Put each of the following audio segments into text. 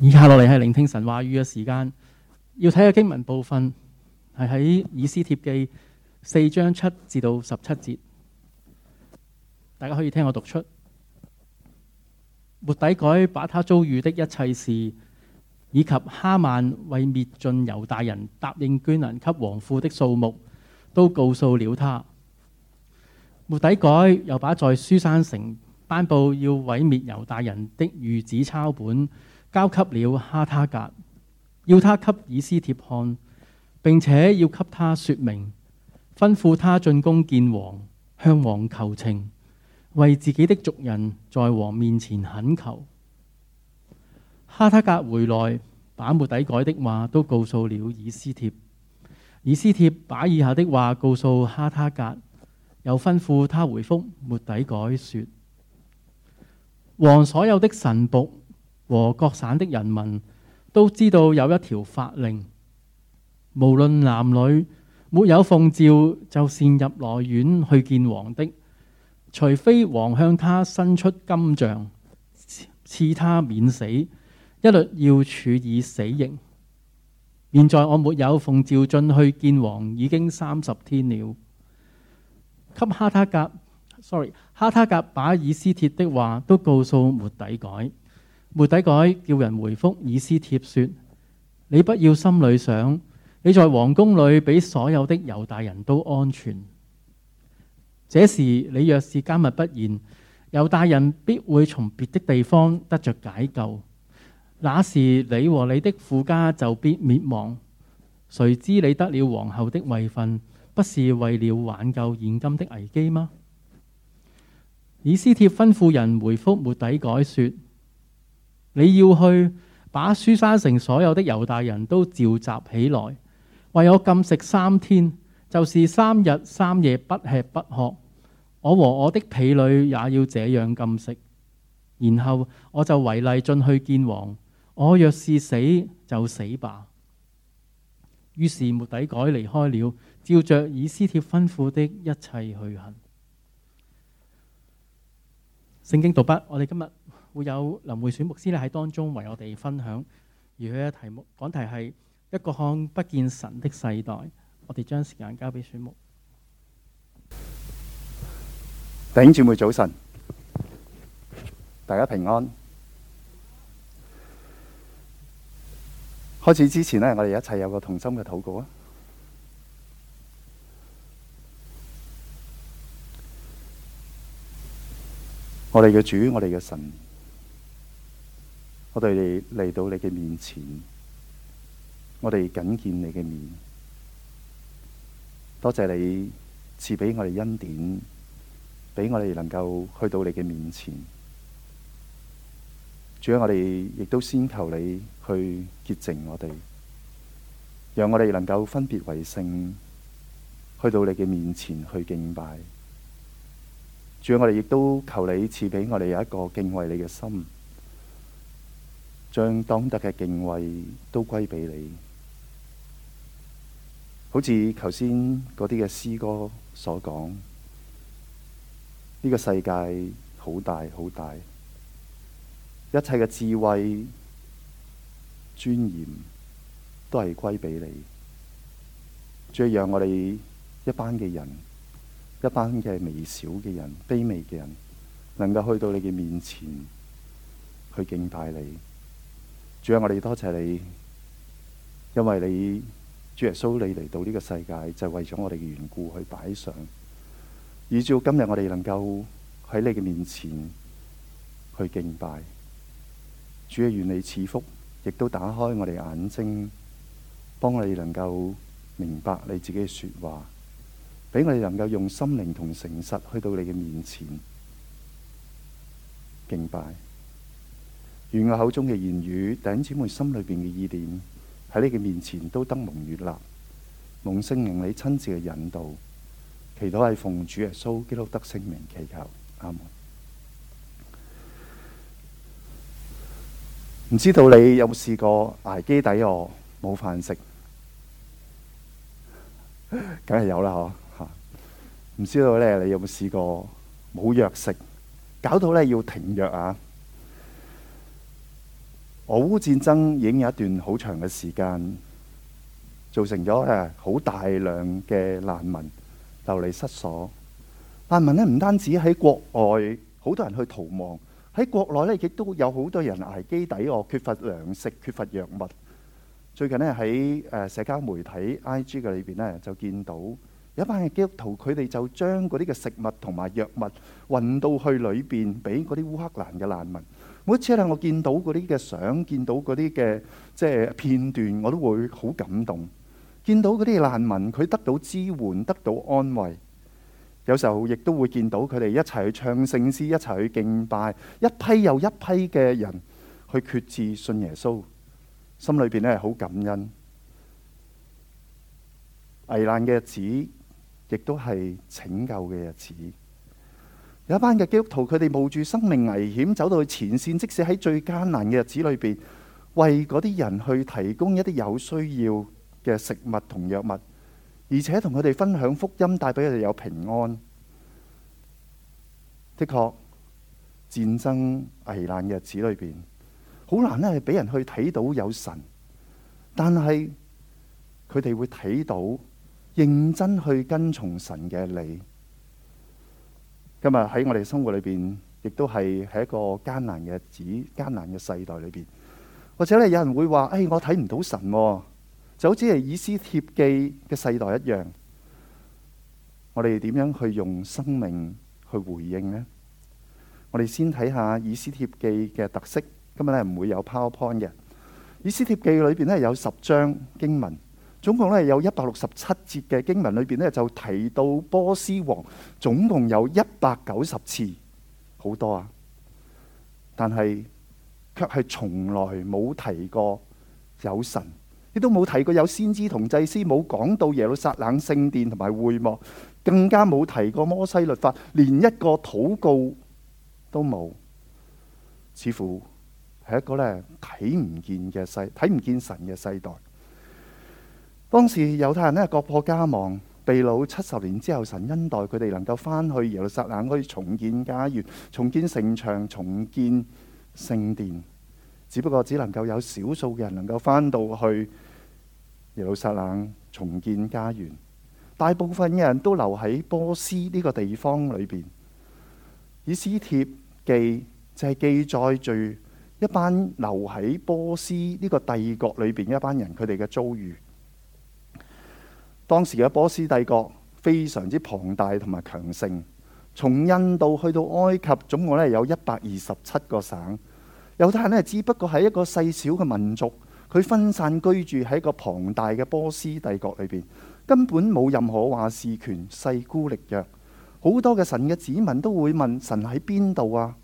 以下落嚟係聆聽神話語嘅時間，要睇嘅經文部分係喺以斯帖記四章七至到十七節。大家可以聽我讀出。末底改把他遭遇的一切事，以及哈曼為滅盡猶大人答應捐銀給王庫的數目，都告訴了他。末底改又把在書山城頒布要毀滅猶大人的諭旨抄本。交給了哈塔格，要他給以斯帖看，並且要給他說明，吩咐他進宮見王，向王求情，為自己的族人在王面前懇求。哈塔格回來，把末底改的話都告訴了以斯帖。以斯帖把以下的話告訴哈塔格，又吩咐他回覆末底改說：王所有的神僕……」和各省的人民都知道有一條法令，無論男女，沒有奉召就擅入內院去見王的，除非王向他伸出金杖，賜他免死，一律要處以死刑。現在我沒有奉召進去見王，已經三十天了。給哈塔格，sorry，哈塔格把以斯帖的話都告訴末底改。末底改叫人回覆以斯帖說：你不要心裏想，你在皇宮裏比所有的猶大人都安全。這時你若是緘默不言，猶大人必會從別的地方得着解救。那時你和你的父家就必滅亡。誰知你得了皇后的位份，不是為了挽救現今的危機嗎？以斯帖吩咐人回覆末底改說。你要去把書山城所有的猶大人都召集起來，為我禁食三天，就是三日三夜不吃不喝。我和我的婢女也要這樣禁食。然後我就違例進去見王。我若是死就死吧。於是末底改離開了，照着以斯帖吩咐的一切去行。聖經讀畢，我哋今日。會有林慧選牧師咧喺當中為我哋分享，而佢嘅題目講題係一個看不見神的世代。我哋將時間交俾選牧。弟兄姊妹，早晨，大家平安。開始之前咧，我哋一齊有個同心嘅禱告啊！我哋嘅主，我哋嘅神。我哋嚟到你嘅面前，我哋僅見你嘅面。多謝你賜俾我哋恩典，俾我哋能夠去到你嘅面前。主啊，我哋亦都先求你去潔淨我哋，讓我哋能夠分別為聖，去到你嘅面前去敬拜。主啊，我哋亦都求你賜俾我哋有一個敬畏你嘅心。將當得嘅敬畏都歸俾你，好似頭先嗰啲嘅詩歌所講，呢個世界好大好大，一切嘅智慧、尊嚴都係歸俾你。最讓我哋一班嘅人、一班嘅微小嘅人、卑微嘅人，能夠去到你嘅面前去敬拜你。主，我哋多謝你，因為你，主耶穌，你嚟到呢個世界就為咗我哋嘅緣故去擺上。以照今日我哋能夠喺你嘅面前去敬拜，主嘅願你賜福，亦都打開我哋眼睛，幫我哋能夠明白你自己嘅說話，俾我哋能夠用心靈同誠實去到你嘅面前敬拜。願我口中嘅言語，弟兄姊妹心裏邊嘅意念，喺你嘅面前都得蒙悅納，蒙聖靈你親自嘅引導，祈禱係奉主耶穌，基督得聖名祈求，阿門。唔知道你有冇試過捱飢抵餓，我冇飯食，梗係有啦嗬吓。唔、啊、知道咧，你有冇試過冇藥食，搞到咧要停藥啊？俄烏戰爭已經有一段好長嘅時間，造成咗誒好大量嘅難民流離失所。難民咧唔單止喺國外，好多人去逃亡；喺國內咧，亦都有好多人挨飢抵餓，缺乏糧食、缺乏藥物。最近咧喺誒社交媒體 IG 嘅裏邊咧，就見到有一班基督徒，佢哋就將嗰啲嘅食物同埋藥物運到去裏邊，俾嗰啲烏克蘭嘅難民。每次咧，我見到嗰啲嘅相，見到嗰啲嘅即係片段，我都會好感動。見到嗰啲難民，佢得到支援，得到安慰。有時候亦都會見到佢哋一齊去唱聖詩，一齊去敬拜，一批又一批嘅人去決志信耶穌，心裏邊咧係好感恩。危難嘅日子，亦都係拯救嘅日子。有一班嘅基督徒，佢哋冒住生命危險走到去前線，即使喺最艱難嘅日子裏邊，為嗰啲人去提供一啲有需要嘅食物同藥物，而且同佢哋分享福音，帶俾佢哋有平安。的確，戰爭危難嘅日子裏邊，好難咧，係俾人去睇到有神，但係佢哋會睇到認真去跟從神嘅你。今日喺我哋生活裏邊，亦都係喺一個艱難嘅日子，艱難嘅世代裏邊。或者咧，有人會話：誒，我睇唔到神喎，就好似係以斯帖記嘅世代一樣。我哋點樣去用生命去回應呢？我哋先睇下以斯帖記嘅特色。今日咧唔會有 PowerPoint 嘅。以斯帖記裏邊咧有十章經文。總共咧有一百六十七節嘅經文裏邊咧，就提到波斯王總共有一百九十次，好多啊！但係卻係從來冇提過有神，亦都冇提過有先知同祭司，冇講到耶路撒冷聖殿同埋會幕，更加冇提過摩西律法，連一個禱告都冇，似乎係一個咧睇唔見嘅世，睇唔見神嘅世代。當時猶太人咧，國破家亡，被擄七十年之後，神恩待佢哋，能夠翻去耶路撒冷，可以重建家園、重建城牆、重建聖殿。只不過，只能夠有少數嘅人能夠翻到去耶路撒冷重建家園，大部分嘅人都留喺波斯呢個地方裏面。以斯帖記就係、是、記載住一班留喺波斯呢個帝國裏面嘅一班人佢哋嘅遭遇。當時嘅波斯帝國非常之龐大同埋強盛，從印度去到埃及總共呢有一百二十七個省。猶太人呢只不過係一個細小嘅民族，佢分散居住喺一個龐大嘅波斯帝國裏邊，根本冇任何話事權，勢孤力弱。好多嘅神嘅子民都會問神喺邊度啊？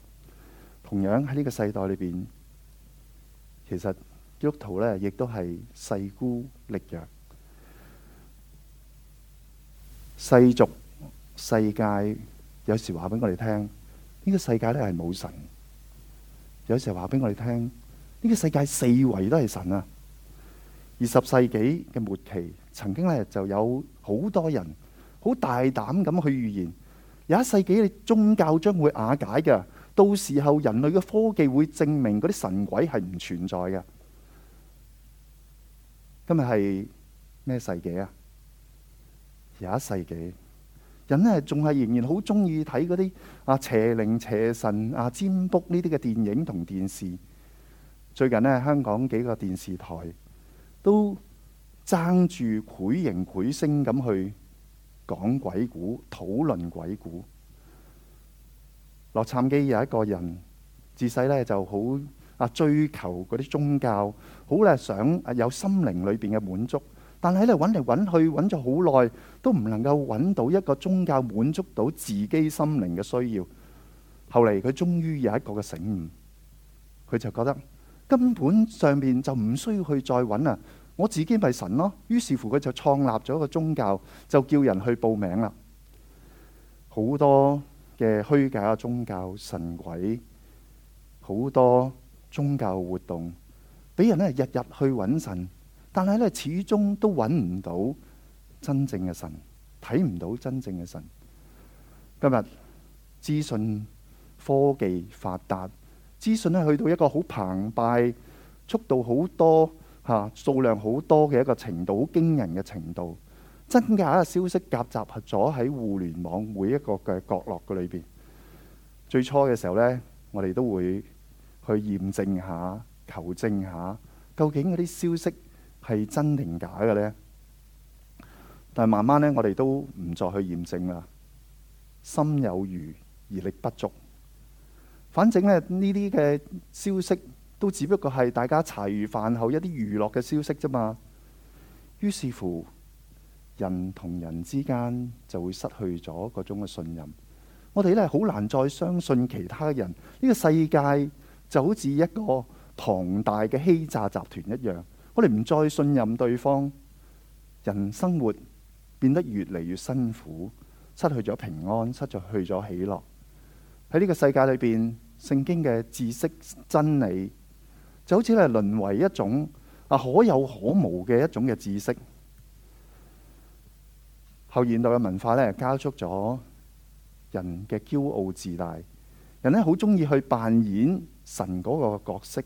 同樣喺呢個世代裏邊，其實基督徒呢亦都係勢孤力弱。世俗世界有時話俾我哋聽，呢個世界咧係冇神；有時話俾我哋聽，呢個世界四圍都係神啊。二十世紀嘅末期，曾經咧就有好多人好大膽咁去預言，有一世紀嘅宗教將會瓦解嘅，到時候人類嘅科技會證明嗰啲神鬼係唔存在嘅。今日係咩世紀啊？廿一世紀，人咧仲係仍然好中意睇嗰啲啊邪靈邪神啊占卜呢啲嘅電影同電視。最近咧，香港幾個電視台都爭住繪形繪聲咁去講鬼故，討論鬼故。洛杉磯有一個人自細咧就好啊追求嗰啲宗教，好咧想有心靈裏邊嘅滿足。但係咧，揾嚟揾去，揾咗好耐，都唔能夠揾到一個宗教滿足到自己心靈嘅需要。後嚟佢終於有一個嘅醒悟，佢就覺得根本上面就唔需要去再揾啦，我自己咪神咯。於是乎，佢就創立咗一個宗教，就叫人去報名啦。好多嘅虛假宗教、神鬼，好多宗教活動，俾人咧日日去揾神。但係咧，始終都揾唔到真正嘅神，睇唔到真正嘅神。今日資訊科技發達，資訊咧去到一個好澎湃、速度好多嚇、數量好多嘅一個程度，好驚人嘅程度。真假嘅消息夾雜咗喺互聯網每一個嘅角落嘅裏邊。最初嘅時候呢，我哋都會去驗證下、求證下，究竟嗰啲消息，係真定假嘅呢？但係慢慢咧，我哋都唔再去驗證啦。心有餘而力不足，反正咧呢啲嘅消息都只不過係大家茶餘飯後一啲娛樂嘅消息啫嘛。於是乎，人同人之間就會失去咗嗰種嘅信任。我哋咧好難再相信其他人。呢、這個世界就好似一個龐大嘅欺詐集團一樣。我哋唔再信任對方，人生活變得越嚟越辛苦，失去咗平安，失去咗喜樂。喺呢個世界裏邊，聖經嘅知識真理就好似係淪為一種啊可有可無嘅一種嘅知識。後現代嘅文化咧，加速咗人嘅驕傲自大，人咧好中意去扮演神嗰個角色。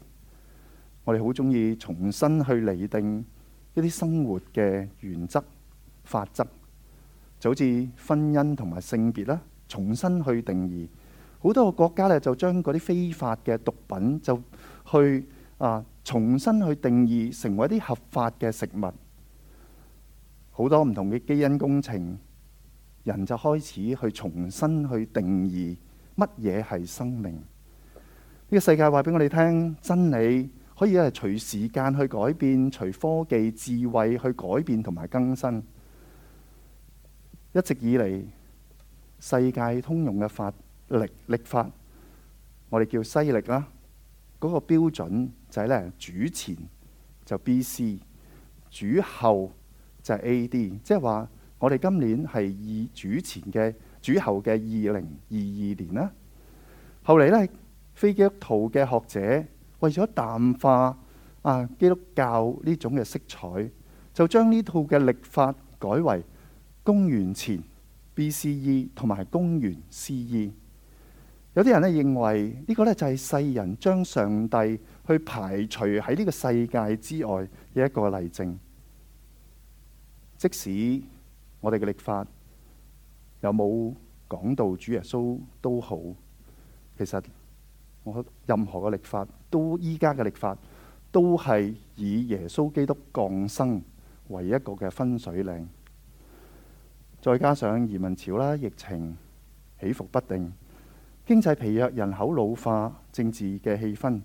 我哋好中意重新去釐定一啲生活嘅原則、法則，就好似婚姻同埋性別啦，重新去定義。好多個國家咧，就將嗰啲非法嘅毒品就去啊，重新去定義成為一啲合法嘅食物。好多唔同嘅基因工程，人就開始去重新去定義乜嘢係生命。呢個世界話俾我哋聽，真理可以係隨時間去改變，隨科技智慧去改變同埋更新。一直以嚟，世界通用嘅法力、歷法，我哋叫西曆啦。嗰、那個標準就係咧，主前就是 B.C，主後就 A.D。即係話，我哋今年係二主前嘅，主後嘅二零二二年啦。後嚟咧，非基督徒嘅學者。為咗淡化啊基督教呢種嘅色彩，就將呢套嘅曆法改為公元前 BCE 同埋公元 CE。有啲人咧認為、這個、呢個咧就係、是、世人將上帝去排除喺呢個世界之外嘅一個例證。即使我哋嘅曆法有冇講到主耶穌都好，其實。任何嘅曆法，都依家嘅曆法，都係以耶穌基督降生為一個嘅分水嶺。再加上移民潮啦、疫情起伏不定、經濟疲弱、人口老化、政治嘅氣氛，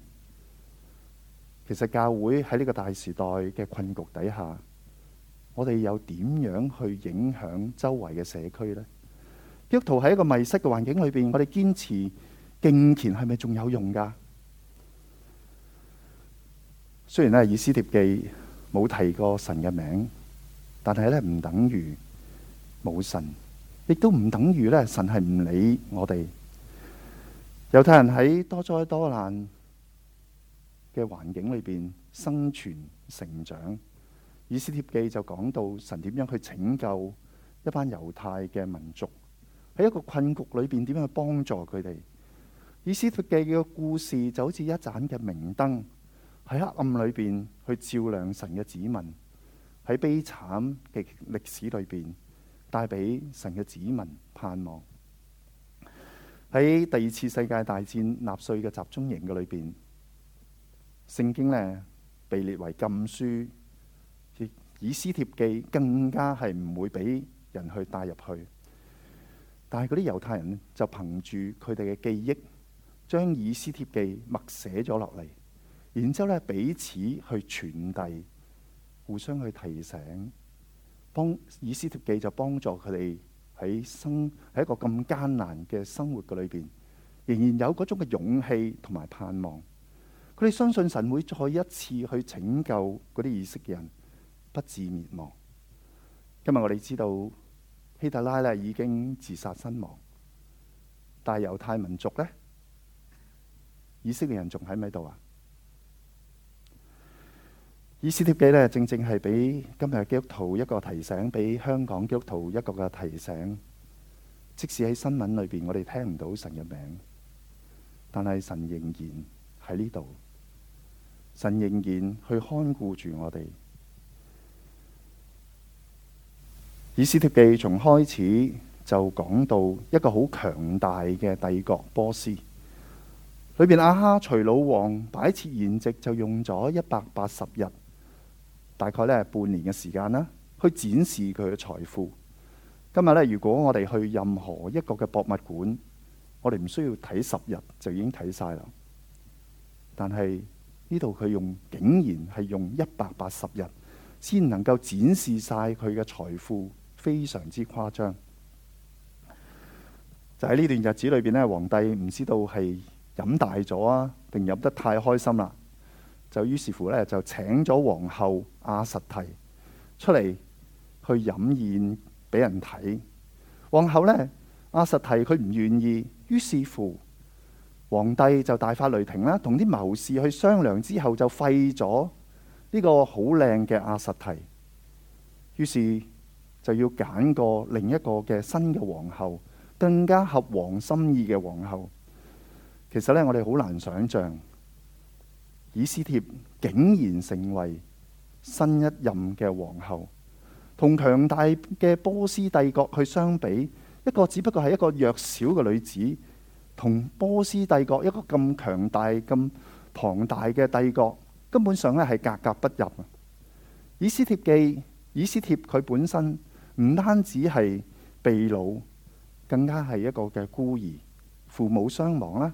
其實教會喺呢個大時代嘅困局底下，我哋又點樣去影響周圍嘅社區咧？基督徒喺一個迷失嘅環境裏邊，我哋堅持。敬虔係咪仲有用噶？雖然呢，《以斯帖記》冇提過神嘅名，但係咧，唔等於冇神，亦都唔等於咧，神係唔理我哋。猶太人喺多災多難嘅環境裏邊生存成長，《以斯帖記》就講到神點樣去拯救一班猶太嘅民族，喺一個困局裏邊點樣去幫助佢哋。以斯帖記嘅故事就好似一盞嘅明燈，喺黑暗裏邊去照亮神嘅子民，喺悲慘嘅歷史裏邊帶俾神嘅子民盼望。喺第二次世界大戰納粹嘅集中營嘅裏邊，聖經呢被列為禁書，以斯帖記更加係唔會俾人去帶入去。但係嗰啲猶太人就憑住佢哋嘅記憶。將以斯帖記默寫咗落嚟，然之後咧，彼此去傳遞，互相去提醒，幫以斯帖記就幫助佢哋喺生喺一個咁艱難嘅生活裏邊，仍然有嗰種嘅勇氣同埋盼望。佢哋相信神會再一次去拯救嗰啲以色列人，不致滅亡。今日我哋知道希特拉咧已經自殺身亡，但係猶太民族咧。以色列人仲喺唔喺度啊？以斯帖記咧，正正係俾今日基督徒一個提醒，俾香港基督徒一個嘅提醒。即使喺新聞裏邊，我哋聽唔到神嘅名，但係神仍然喺呢度，神仍然去看顧住我哋。以斯帖記從開始就講到一個好強大嘅帝國波斯。裏邊亞哈隨魯王擺設筵席就用咗一百八十日，大概咧半年嘅時間啦，去展示佢嘅財富。今日咧，如果我哋去任何一個嘅博物館，我哋唔需要睇十日就已經睇晒啦。但係呢度佢用，竟然係用一百八十日先能夠展示晒佢嘅財富，非常之誇張。就喺呢段日子裏邊咧，皇帝唔知道係。飲大咗啊，定飲得太開心啦，就於是乎咧就請咗皇后阿實提出嚟，去飲宴俾人睇。皇后呢，阿實提佢唔願意，於是乎皇帝就大發雷霆啦，同啲謀士去商量之後就廢咗呢個好靚嘅阿實提，於是就要揀個另一個嘅新嘅皇后，更加合王心意嘅皇后。其實咧，我哋好難想像，以斯帖竟然成為新一任嘅皇后。同強大嘅波斯帝國去相比，一個只不過係一個弱小嘅女子，同波斯帝國一個咁強大、咁龐大嘅帝國，根本上咧係格格不入。以斯帖記，以斯帖佢本身唔單止係被擄，更加係一個嘅孤兒，父母雙亡啦。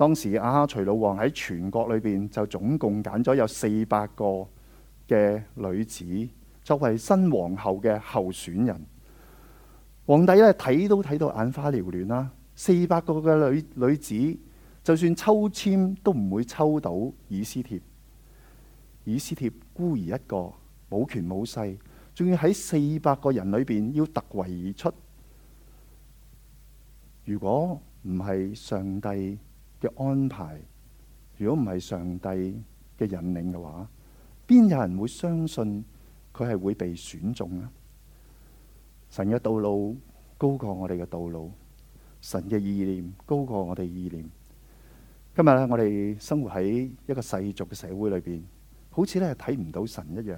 當時亞哈隨魯王喺全國裏邊就總共揀咗有四百個嘅女子作為新皇后嘅候選人。皇帝咧睇都睇到眼花撩亂啦、啊。四百個嘅女女子，就算抽籤都唔會抽到以斯帖。以斯帖孤兒一個，冇權冇勢，仲要喺四百個人裏邊要突圍而出。如果唔係上帝嘅安排，如果唔係上帝嘅引領嘅話，邊有人會相信佢係會被選中啊？神嘅道路高過我哋嘅道路，神嘅意念高過我哋意念。今日咧，我哋生活喺一個世俗嘅社會裏邊，好似咧係睇唔到神一樣，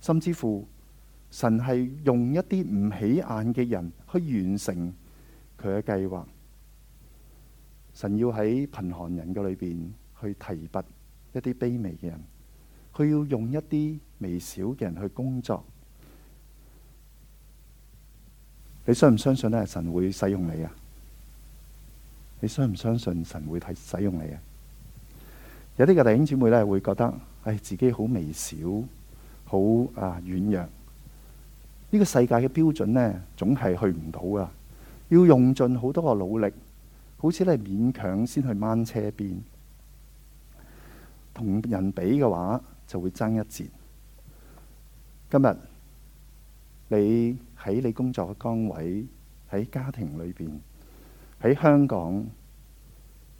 甚至乎神係用一啲唔起眼嘅人去完成佢嘅計劃。神要喺貧寒人嘅裏邊去提拔一啲卑微嘅人，佢要用一啲微小嘅人去工作。你相唔相信咧？神會使用你啊！你相唔相信神會替使用你啊？有啲嘅弟兄姊妹咧，會覺得唉，自己好微小，好啊軟弱。呢、這個世界嘅標準咧，總係去唔到噶，要用盡好多嘅努力。好似你勉強先去掹車邊，同人比嘅話就會爭一截。今日你喺你工作嘅崗位，喺家庭裏邊，喺香港，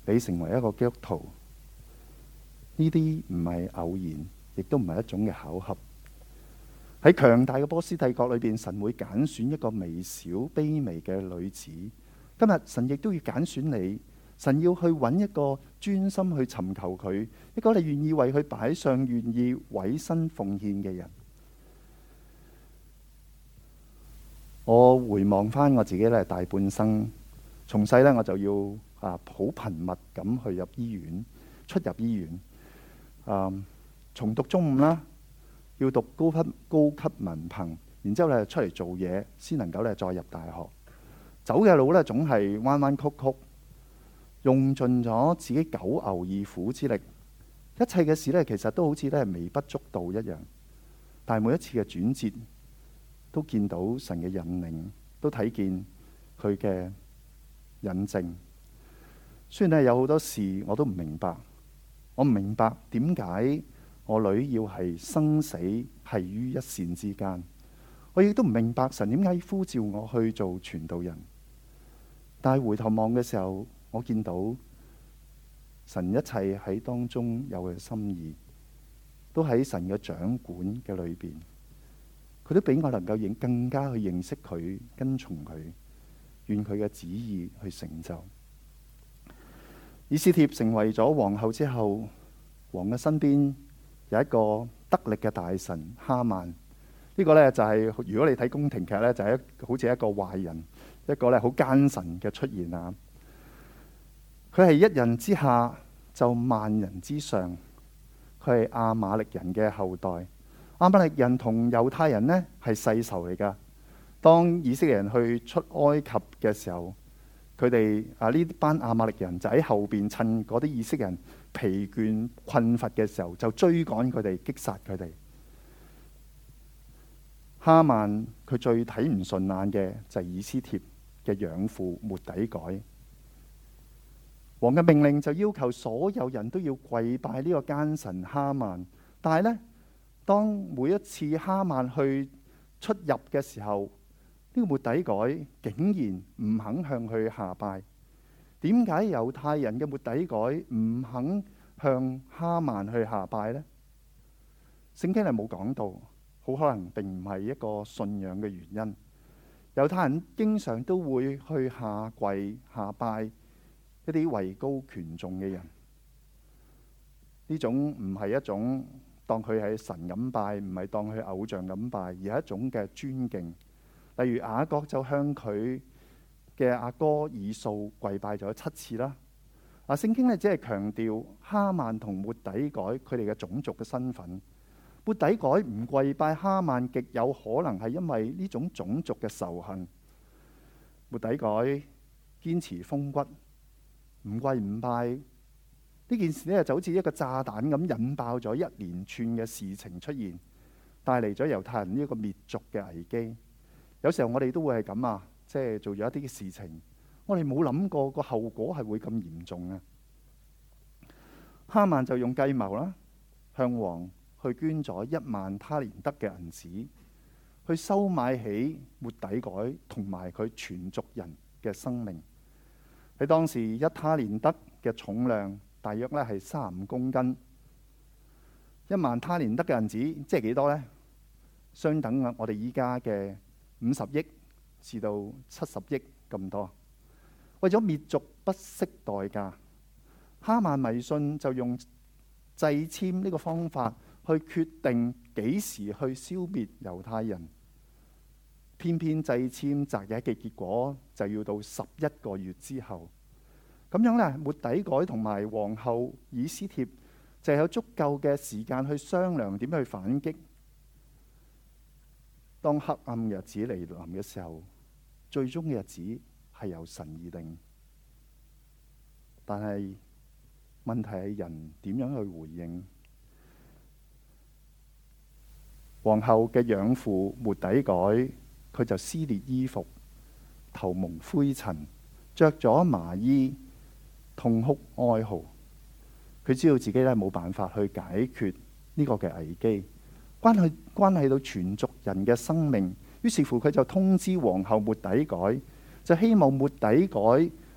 你成為一個基督徒，呢啲唔係偶然，亦都唔係一種嘅巧合。喺強大嘅波斯帝國裏邊，神會揀選一個微小卑微嘅女子。今日神亦都要揀選你，神要去揾一個專心去尋求佢，一個你願意為佢擺上、願意委身奉獻嘅人。我回望翻我自己咧，大半生從細咧，我就要啊好頻密咁去入醫院、出入醫院。嗯、啊，重讀中五啦，要讀高級高級文憑，然之後咧出嚟做嘢，先能夠咧再入大學。走嘅路咧，總係彎彎曲曲，用盡咗自己九牛二虎之力，一切嘅事呢，其實都好似咧微不足道一樣。但係每一次嘅轉折，都見到神嘅引領，都睇見佢嘅引證。雖然呢，有好多事我都唔明白，我唔明白點解我女要係生死繫於一線之間，我亦都唔明白神點解呼召我去做傳道人。但係回頭望嘅時候，我見到神一切喺當中有佢嘅心意，都喺神嘅掌管嘅裏邊，佢都比我能夠認更加去認識佢，跟從佢，願佢嘅旨意去成就。以斯帖成為咗皇后之後，王嘅身邊有一個得力嘅大臣哈曼，這個、呢個咧就係、是、如果你睇宮廷劇咧，就係、是、好似一個壞人。一個咧好奸臣嘅出現啊！佢係一人之下就萬人之上，佢係亞瑪力人嘅後代。亞瑪力人同猶太人呢係世仇嚟噶。當以色列人去出埃及嘅時候，佢哋啊呢班亞瑪力人就喺後邊趁嗰啲以色列人疲倦困乏嘅時候，就追趕佢哋，擊殺佢哋。哈曼佢最睇唔順眼嘅就係以斯帖嘅養父末底改，王嘅命令就要求所有人都要跪拜呢個奸臣哈曼。但係呢，當每一次哈曼去出入嘅時候，呢、這個末底改竟然唔肯向佢下拜。點解猶太人嘅末底改唔肯向哈曼去下拜呢？聖經係冇講到，好可能並唔係一個信仰嘅原因。有猶太人經常都會去下跪下拜一啲位高權重嘅人，呢種唔係一種當佢係神咁拜，唔係當佢偶像咁拜，而係一種嘅尊敬。例如雅各就向佢嘅阿哥以掃跪拜咗七次啦。啊，聖經呢只係強調哈曼同末底改佢哋嘅種族嘅身份。末底改唔跪拜哈曼，極有可能係因為呢種種族嘅仇恨。末底改堅持風骨，唔跪唔拜呢件事咧就好似一個炸彈咁引爆咗一連串嘅事情出現，帶嚟咗猶太人呢個滅族嘅危機。有時候我哋都會係咁啊，即係做咗一啲嘅事情，我哋冇諗過個後果係會咁嚴重啊。哈曼就用計謀啦，向王。去捐咗一萬他連德嘅銀紙，去收買起末底改同埋佢全族人嘅生命。喺當時一他連德嘅重量大約咧係三十五公斤，一萬他連德嘅銀紙即係幾多少呢？相等呀，我哋依家嘅五十億至到七十億咁多。為咗滅族不惜代價，哈曼迷信就用制簽呢個方法。去決定幾時去消滅猶太人，偏偏祭簽擇日嘅結果就要到十一個月之後，咁樣呢，末底改同埋皇后以斯帖就是、有足夠嘅時間去商量點去反擊。當黑暗日子嚟臨嘅時候，最終嘅日子係由神而定，但係問題係人點樣去回應？皇后嘅養父末底改，佢就撕裂衣服，頭蒙灰塵，着咗麻衣，痛哭哀嚎。佢知道自己咧冇辦法去解決呢個嘅危機，關係關係到全族人嘅生命。於是乎佢就通知皇后末底改，就希望末底改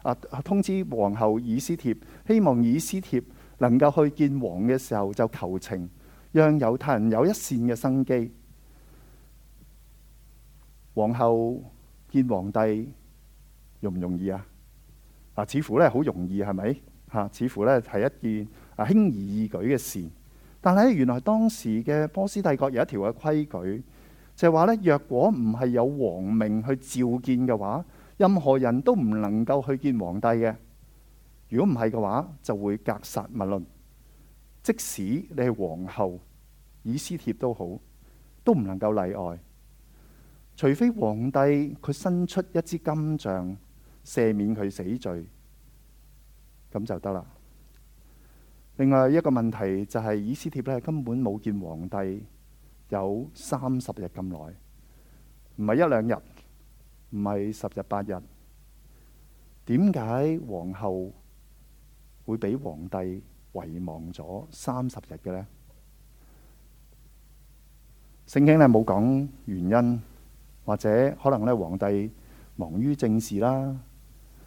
啊通知皇后以斯帖，希望以斯帖能夠去見王嘅時候就求情。讓猶太人有一線嘅生機。皇后見皇帝容唔容易啊？啊，似乎咧好容易係咪？吓，似乎咧係一件啊輕而易舉嘅事。但係原來當時嘅波斯帝國有一條嘅規矩，就係話咧，若果唔係有皇命去召見嘅話，任何人都唔能夠去見皇帝嘅。如果唔係嘅話，就會格殺勿論。即使你係皇后，以斯帖都好，都唔能夠例外，除非皇帝佢伸出一支金杖赦免佢死罪，咁就得啦。另外一個問題就係以斯帖咧根本冇見皇帝有三十日咁耐，唔係一兩日，唔係十日八日，點解皇后會俾皇帝遺忘咗三十日嘅咧，聖經咧冇講原因，或者可能咧皇帝忙於政事啦，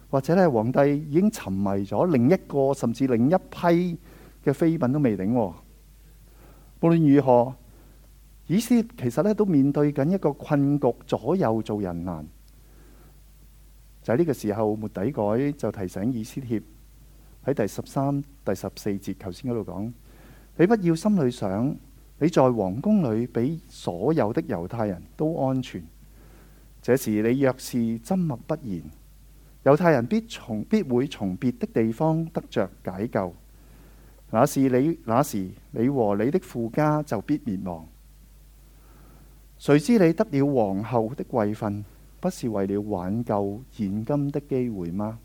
或者咧皇帝已經沉迷咗另一個甚至另一批嘅妃嬪都未定啊。無論如何，以斯帖其實咧都面對緊一個困局，左右做人難。就喺呢個時候，末底改就提醒以斯帖。喺第十三、第十四節，頭先嗰度講，你不要心裏想，你在王宮裏比所有的猶太人都安全。這時你若是緘默不言，猶太人必從必會從別的地方得着解救。那時你那時你和你的父家就必滅亡。誰知你得了王后的位分，不是為了挽救現今的機會嗎？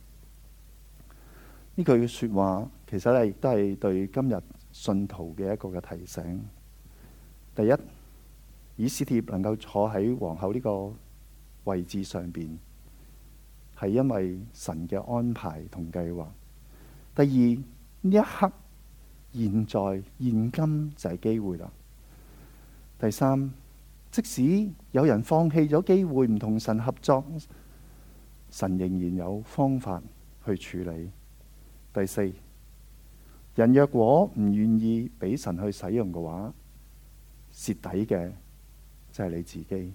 呢句說話其實咧，亦都係對今日信徒嘅一個嘅提醒。第一，以斯帖能夠坐喺皇后呢個位置上邊，係因為神嘅安排同計劃。第二，呢一刻、現在、現今就係機會啦。第三，即使有人放棄咗機會，唔同神合作，神仍然有方法去處理。第四，人若果唔願意俾神去使用嘅話，蝕底嘅就係你自己。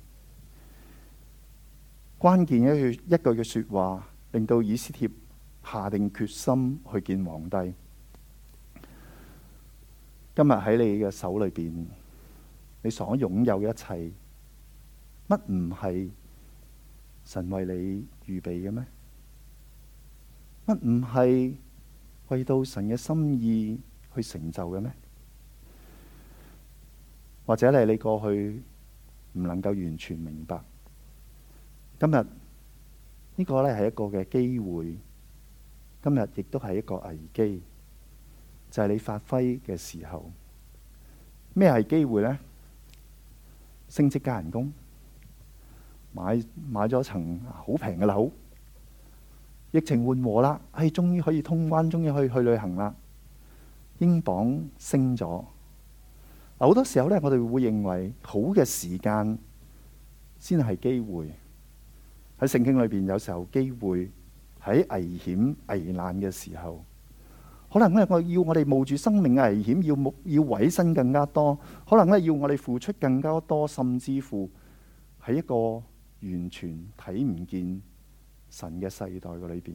關鍵一句一句嘅說話，令到以斯帖下定決心去見皇帝。今日喺你嘅手裏邊，你所擁有嘅一切，乜唔係神為你預備嘅咩？乜唔係？為到神嘅心意去成就嘅咩？或者係你過去唔能夠完全明白。今日呢個咧係一個嘅機會，今日亦都係一個危機，就係你發揮嘅時候。咩係機會咧？升職加人工，買買咗層好平嘅樓。疫情緩和啦，係終於可以通關，終於可以去旅行啦。英鎊升咗，好多時候咧，我哋會認為好嘅時間先係機會。喺聖經裏邊，有時候機會喺危險、危難嘅時候，可能咧，我要我哋冒住生命嘅危險，要要委身更加多，可能咧，要我哋付出更加多，甚至乎係一個完全睇唔見。神嘅世代喺裏邊，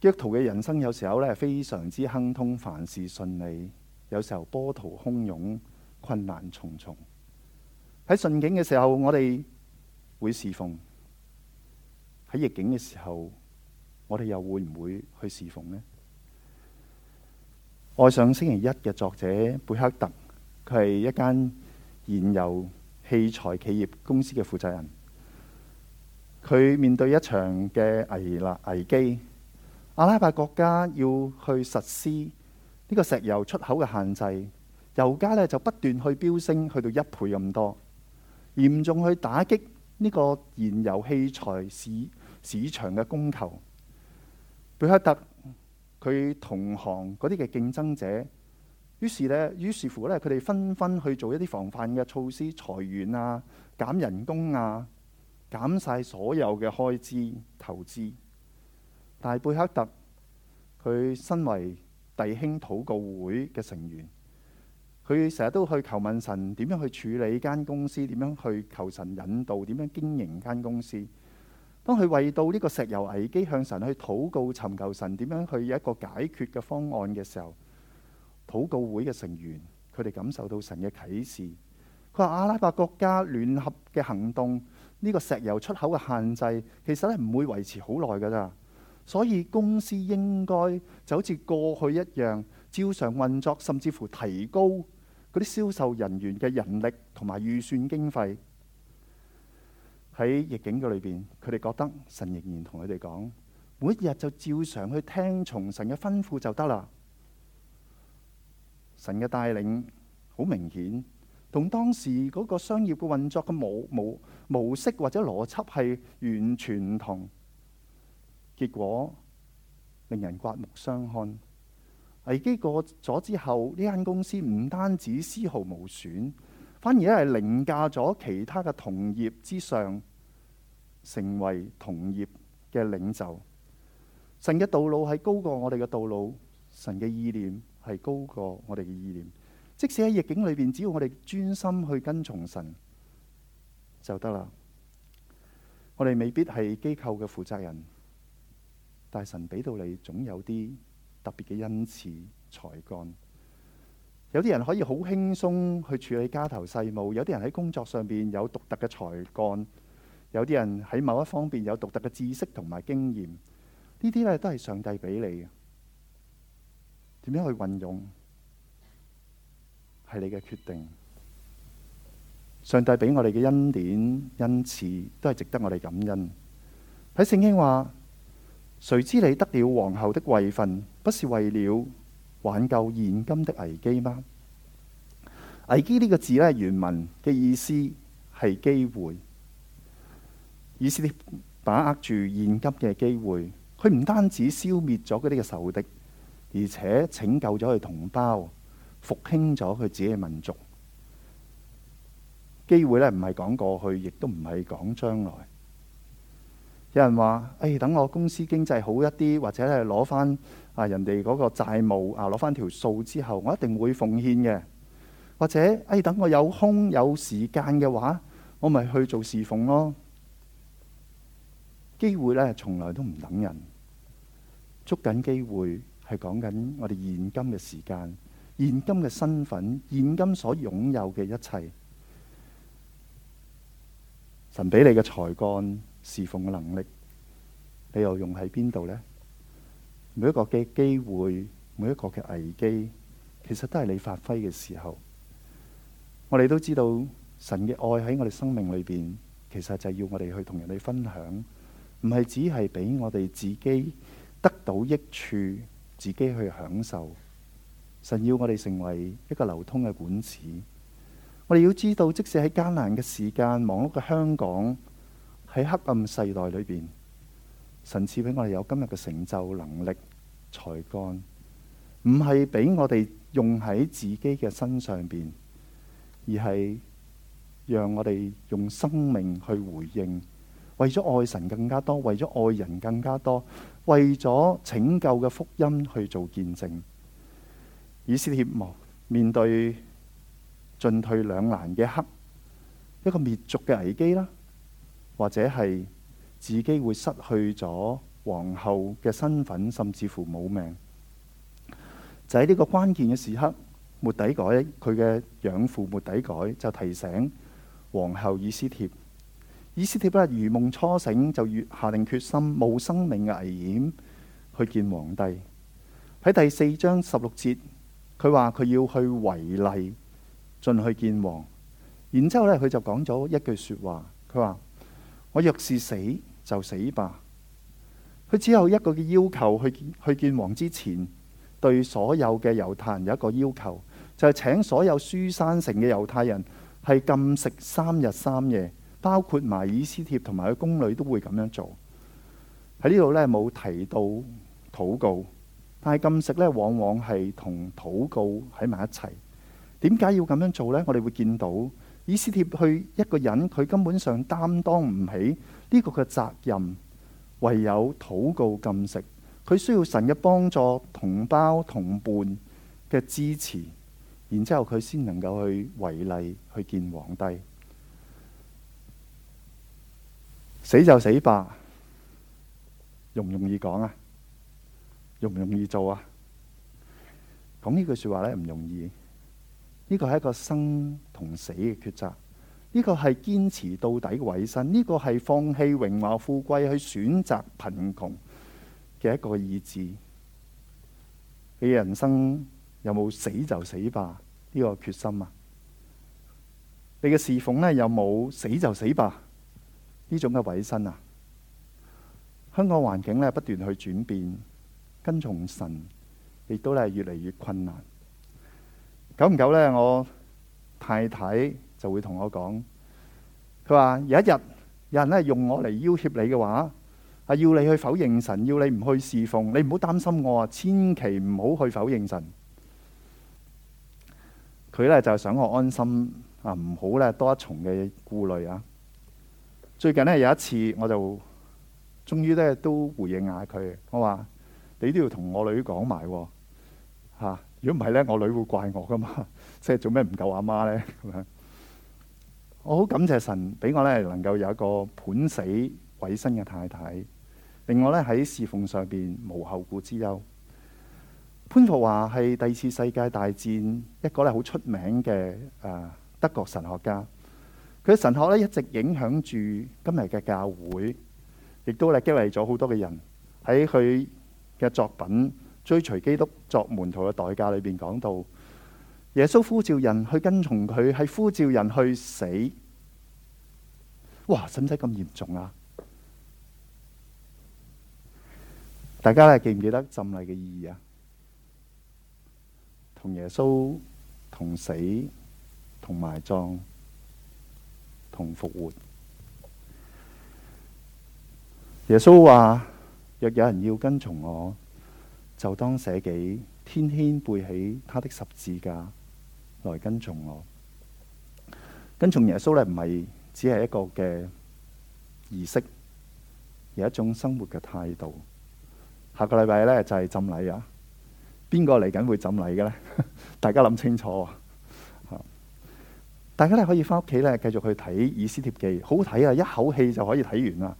基督徒嘅人生有時候呢非常之亨通，凡事順利；有時候波濤洶湧，困難重重。喺順境嘅時候，我哋會侍奉；喺逆境嘅時候，我哋又會唔會去侍奉呢？愛上星期一嘅作者貝克特，佢係一間燃油器材企業公司嘅負責人。佢面對一場嘅危難危機，阿拉伯國家要去實施呢個石油出口嘅限制，油價咧就不斷去飆升，去到一倍咁多，嚴重去打擊呢個燃油器材市市場嘅供求。貝克特佢同行嗰啲嘅競爭者，於是咧，於是乎咧，佢哋紛紛去做一啲防範嘅措施，裁員啊，減人工啊。減晒所有嘅開支投資，但係貝克特佢身為弟兄禱告會嘅成員，佢成日都去求問神點樣去處理間公司，點樣去求神引導，點樣經營間公司。當佢為到呢個石油危機向神去禱告、尋求神點樣去一個解決嘅方案嘅時候，禱告會嘅成員佢哋感受到神嘅啟示。佢話阿拉伯國家聯合嘅行動。呢個石油出口嘅限制其實係唔會維持好耐㗎咋，所以公司應該就好似過去一樣，照常運作，甚至乎提高嗰啲銷售人員嘅人力同埋預算經費。喺逆境嘅裏邊，佢哋覺得神仍然同佢哋講，每一日就照常去聽從神嘅吩咐就得啦。神嘅帶領好明顯。同當時嗰個商業嘅運作嘅模模模式或者邏輯係完全唔同，結果令人刮目相看。危機過咗之後，呢間公司唔單止絲毫無損，反而係凌駕咗其他嘅同業之上，成為同業嘅領袖。神嘅道路係高過我哋嘅道路，神嘅意念係高過我哋嘅意念。即使喺逆境裏邊，只要我哋專心去跟從神，就得啦。我哋未必係機構嘅負責人，但係神俾到你，總有啲特別嘅恩賜才幹。有啲人可以好輕鬆去處理家頭細務，有啲人喺工作上邊有獨特嘅才幹，有啲人喺某一方面有獨特嘅知識同埋經驗。呢啲咧都係上帝俾你嘅，點樣去運用？係你嘅決定，上帝俾我哋嘅恩典、恩慈都係值得我哋感恩。喺聖經話，誰知你得了皇后的位分，不是為了挽救現今的危機嗎？危機呢個字呢，原文嘅意思係機會，意思你把握住現今嘅機會。佢唔單止消滅咗嗰啲嘅仇敵，而且拯救咗佢同胞。復興咗佢自己嘅民族，機會咧唔係講過去，亦都唔係講將來。有人話：誒，等我公司經濟好一啲，或者係攞翻啊人哋嗰個債務啊，攞翻條數之後，我一定會奉獻嘅。或者，誒，等我有空有時間嘅話，我咪去做侍奉咯。機會咧從來都唔等人，捉緊機會係講緊我哋現今嘅時間。現今嘅身份，現今所擁有嘅一切，神俾你嘅才幹、侍奉嘅能力，你又用喺邊度呢？每一個嘅機會，每一個嘅危機，其實都係你發揮嘅時候。我哋都知道，神嘅愛喺我哋生命裏邊，其實就係要我哋去同人哋分享，唔係只係俾我哋自己得到益處，自己去享受。神要我哋成為一個流通嘅管子，我哋要知道，即使喺艱難嘅時間、忙碌嘅香港、喺黑暗嘅世代裏邊，神賜俾我哋有今日嘅成就、能力、才幹，唔係俾我哋用喺自己嘅身上邊，而係讓我哋用生命去回應，為咗愛神更加多，為咗愛人更加多，為咗拯救嘅福音去做見證。以斯帖面對進退兩難嘅一刻，一個滅族嘅危機啦，或者係自己會失去咗皇后嘅身份，甚至乎冇命。就喺呢個關鍵嘅時刻，末底改佢嘅養父末底改就提醒皇后以斯帖，以斯帖啊，如夢初醒，就越下定決心，冒生命嘅危險去見皇帝。喺第四章十六節。佢話佢要去違例進去見王，然之後咧佢就講咗一句説話，佢話：我若是死就死吧。佢只有一個嘅要求，去去見王之前，對所有嘅猶太人有一個要求，就係、是、請所有書山城嘅猶太人係禁食三日三夜，包括埋以斯帖同埋佢宮女都會咁樣做。喺呢度咧冇提到禱告。但係禁食咧，往往係同禱告喺埋一齊。點解要咁樣做呢？我哋會見到以斯帖去一個人，佢根本上擔當唔起呢個嘅責任，唯有禱告禁食。佢需要神嘅幫助，同胞同伴嘅支持，然之後佢先能夠去違例去見皇帝。死就死吧，容唔容易講啊？容唔容易做啊？講呢句說話咧，唔容易。呢個係一個生同死嘅抉擇，呢個係堅持到底嘅委身，呢個係放棄榮華富貴去選擇貧窮嘅一個意志。你嘅人生有冇死就死吧？呢個決心啊？你嘅侍奉咧有冇死就死吧？呢種嘅委身啊？香港環境咧不斷去轉變。跟從神，亦都係越嚟越困難。久唔久咧，我太太就會同我講，佢話有一日有人咧用我嚟要挾你嘅話，要你去否認神，要你唔去侍奉，你唔好擔心我啊，千祈唔好去否認神。佢咧就想我安心啊，唔好咧多一重嘅顧慮啊。最近咧有一次，我就終於咧都回應下佢，我話。你都要同我女講埋吓，如果唔係呢，我女會怪我㗎嘛。即係做咩唔夠阿媽呢？我好感謝神俾我呢，能夠有一個判死鬼身嘅太太，令我呢，喺侍奉上邊無後顧之憂。潘霍華係第二次世界大戰一個咧好出名嘅，呃、德國神學家，佢嘅神學呢一直影響住今日嘅教會，亦都咧激勵咗好多嘅人喺佢。在他嘅作品，追隨基督作門徒嘅代價裏邊講到，耶穌呼召人去跟從佢，係呼召人去死。哇，使唔使咁嚴重啊？大家咧記唔記得浸禮嘅意義啊？同耶穌同死同埋葬同復活，耶穌話。若有人要跟從我，就當捨己，天天背起他的十字架來跟從我。跟從耶穌咧，唔係只係一個嘅儀式，而係一種生活嘅態度。下個禮拜咧就係、是、浸禮啊！邊個嚟緊會浸禮嘅咧？大家諗清楚。大家咧可以翻屋企咧繼續去睇《以斯帖記》，好睇啊！一口氣就可以睇完啦。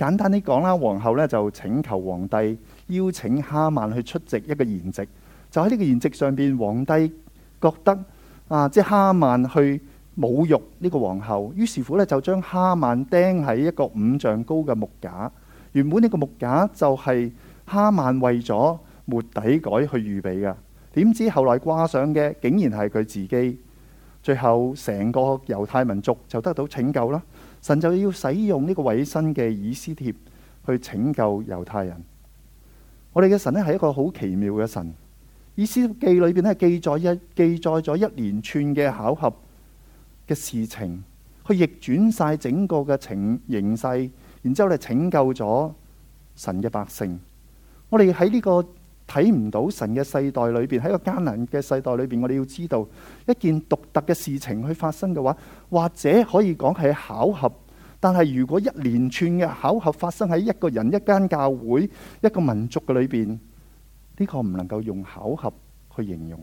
簡單啲講啦，皇后呢就請求皇帝邀請哈曼去出席一個筵席，就喺呢個筵席上邊，皇帝覺得啊，即係哈曼去侮辱呢個皇后，於是乎呢就將哈曼釘喺一個五丈高嘅木架。原本呢個木架就係哈曼為咗末底改去預備嘅，點知後來掛上嘅竟然係佢自己。最後成個猶太民族就得到拯救啦。神就要使用呢個委身嘅以斯帖去拯救猶太人。我哋嘅神咧係一個好奇妙嘅神。以斯記裏邊咧記載一記載咗一連串嘅巧合嘅事情，佢逆轉晒整個嘅情形勢，然之後咧拯救咗神嘅百姓。我哋喺呢個。睇唔到神嘅世代裏邊，喺個艱難嘅世代裏邊，我哋要知道一件獨特嘅事情去發生嘅話，或者可以講係巧合。但係如果一連串嘅巧合發生喺一個人、一間教會、一個民族嘅裏邊，呢個唔能夠用巧合去形容。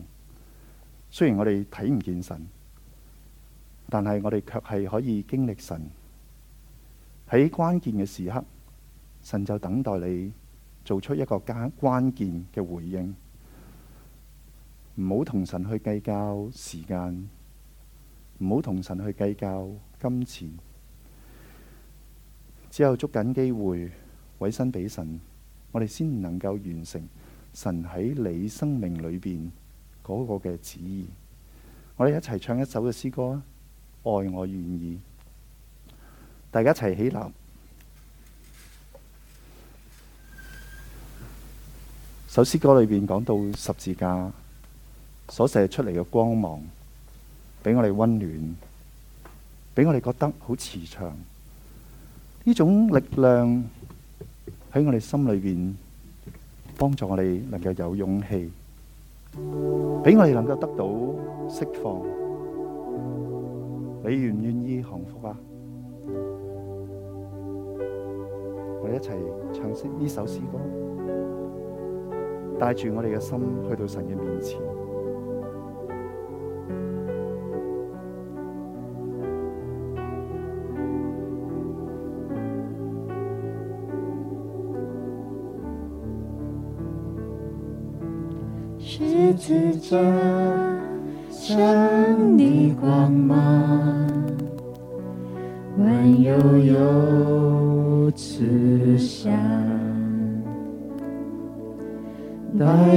雖然我哋睇唔見神，但係我哋卻係可以經歷神，喺關鍵嘅時刻，神就等待你。做出一個關關鍵嘅回應，唔好同神去計較時間，唔好同神去計較金錢，只有捉緊機會委身俾神，我哋先能夠完成神喺你生命裏邊嗰個嘅旨意。我哋一齊唱一首嘅詩歌啊！愛我願意，大家一齊起立。首詩歌裏邊講到十字架所射出嚟嘅光芒，俾我哋溫暖，俾我哋覺得好慈祥。呢種力量喺我哋心裏邊，幫助我哋能夠有勇氣，俾我哋能夠得到釋放。你願唔願意降服啊？我哋一齊唱息呢首詩歌。帶住我哋嘅心去到神嘅面前。十字架閃耀光芒，彎又又。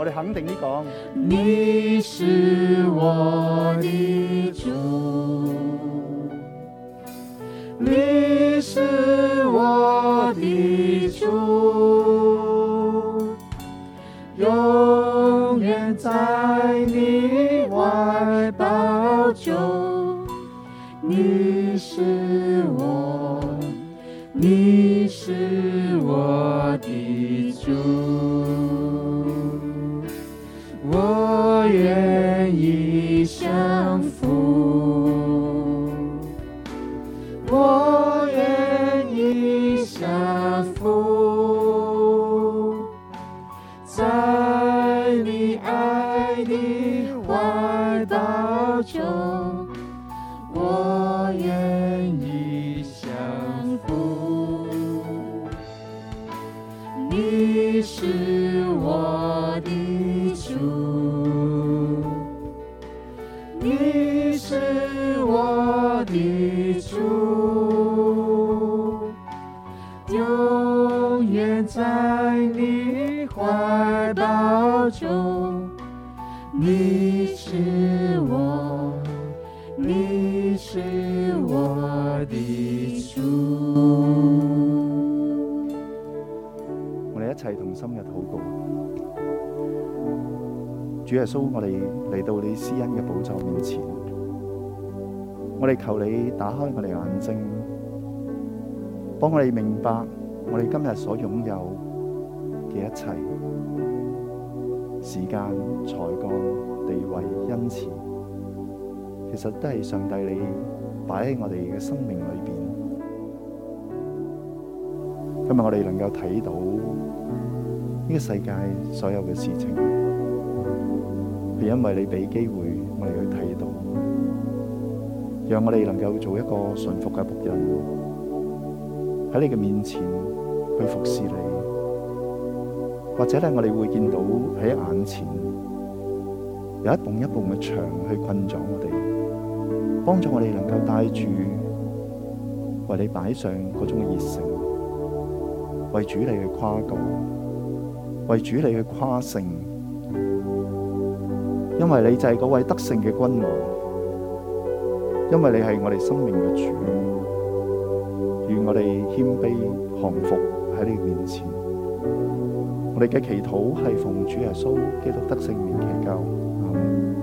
我哋肯定的講，你是我的主，你是我的主，永遠在你今日禱告，主耶穌，我哋嚟到你施恩嘅寶座面前，我哋求你打開我哋眼睛，幫我哋明白我哋今日所擁有嘅一切，時間、才幹、地位、恩賜，其實都係上帝你擺喺我哋嘅生命裏邊。今日我哋能夠睇到。呢個世界所有嘅事情，係因為你俾機會我哋去睇到，讓我哋能夠做一個順服嘅僕人，喺你嘅面前去服侍你。或者咧，我哋會見到喺眼前有一棟一棟嘅牆去困住我哋，幫助我哋能夠帶住為你擺上嗰種熱誠，為主你去跨獎。為主你嘅誇勝，因為你就係嗰位得勝嘅君王，因為你係我哋生命嘅主，願我哋謙卑降服喺你面前，我哋嘅祈禱係奉主耶穌基督得勝名祈求。